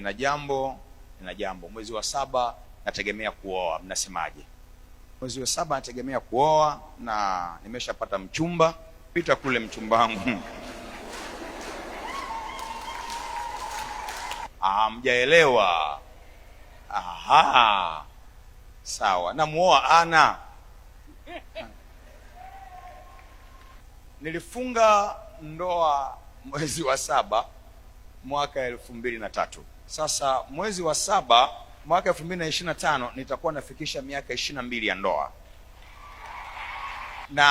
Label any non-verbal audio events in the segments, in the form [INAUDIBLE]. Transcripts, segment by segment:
nina jambo nina jambo, mwezi wa saba nategemea kuoa, mnasemaje? Mwezi wa saba nategemea kuoa na nimeshapata mchumba, pita kule mchumba wangu [LAUGHS] Ah, mjaelewa? Aha, sawa. Namuoa ana [LAUGHS] nilifunga ndoa mwezi wa saba mwaka elfu mbili na tatu. Sasa mwezi wa saba mwaka elfu mbili na ishirini na tano nitakuwa nafikisha miaka ishirini na mbili ya ndoa, na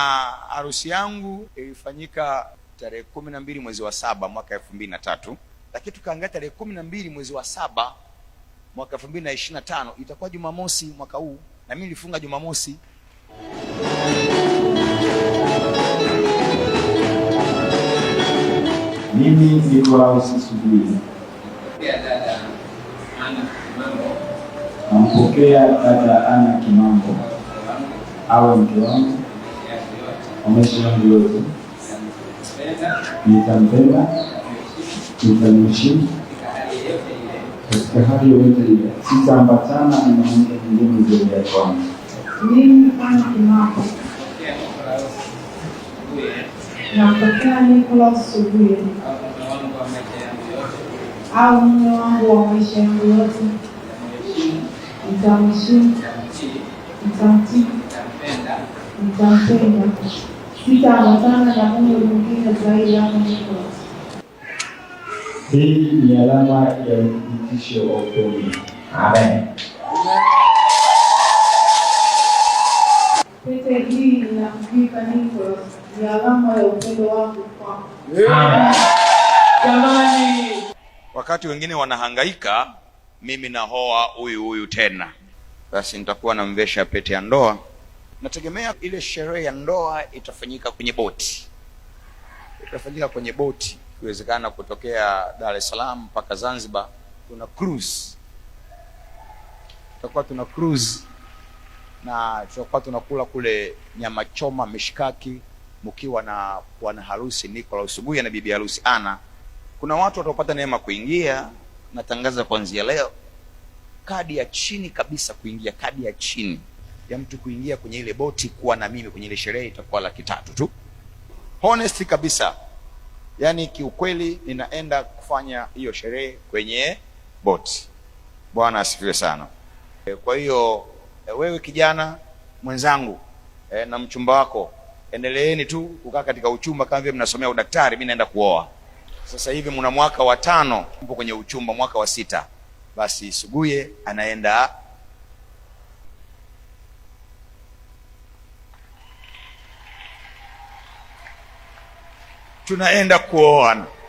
harusi yangu ilifanyika tarehe kumi na mbili mwezi wa saba mwaka elfu mbili na tatu lakini tukaangalia tarehe kumi na mbili mwezi wa saba mwaka elfu mbili na ishirini na tano itakuwa Jumamosi mwaka huu, na mimi nilifunga Jumamosi. Mimi niko nampokea dada Ana Kimambo awe mke wangu kwa maisha yangu yote. Nitampenda, nitamheshimu katika hali yoyote ile, sitaambatana na mwanamke mwingine zaidi ya kwangu. Mimi Ana Kimambo nampokea Nicolas Subuye au mume wangu wa maisha yangu yote, nitamheshimu, nitamtii, nitampenda, sitaambatana na mume mwingine zaidi ya Mungu. Hii ni alama ya uthibitisho wa upendo. Amen. Pete hii inamvika Nicholas, ni alama ya upendo wangu kwako. Amen wakati wengine wanahangaika, mimi nahoa huyu huyu tena, basi nitakuwa namvesha pete ya ndoa. Nategemea ile sherehe ya ndoa itafanyika kwenye boti, itafanyika kwenye boti, ikiwezekana kutokea Dar es Salaam mpaka Zanzibar. Tuna cruise, tutakuwa tuna cruise na tutakuwa tunakula kule nyama choma, mishikaki, mkiwa na bwana harusi Nicola Usubuya na bibi harusi Ana. Kuna watu watapata neema kuingia, natangaza kuanzia leo, kadi ya chini kabisa kuingia, kadi ya chini ya mtu kuingia kwenye ile boti kuwa na mimi kwenye ile sherehe itakuwa laki tatu tu, honest kabisa. Yani kiukweli, ninaenda kufanya hiyo sherehe kwenye boti. Bwana asifiwe sana. E, kwa hiyo e, wewe kijana mwenzangu e, na mchumba wako endeleeni tu kukaa katika uchumba kama vile mnasomea udaktari. Mimi naenda kuoa. Sasa hivi mna mwaka wa tano, mpo kwenye uchumba mwaka wa sita, basi Suguye anaenda tunaenda kuoana.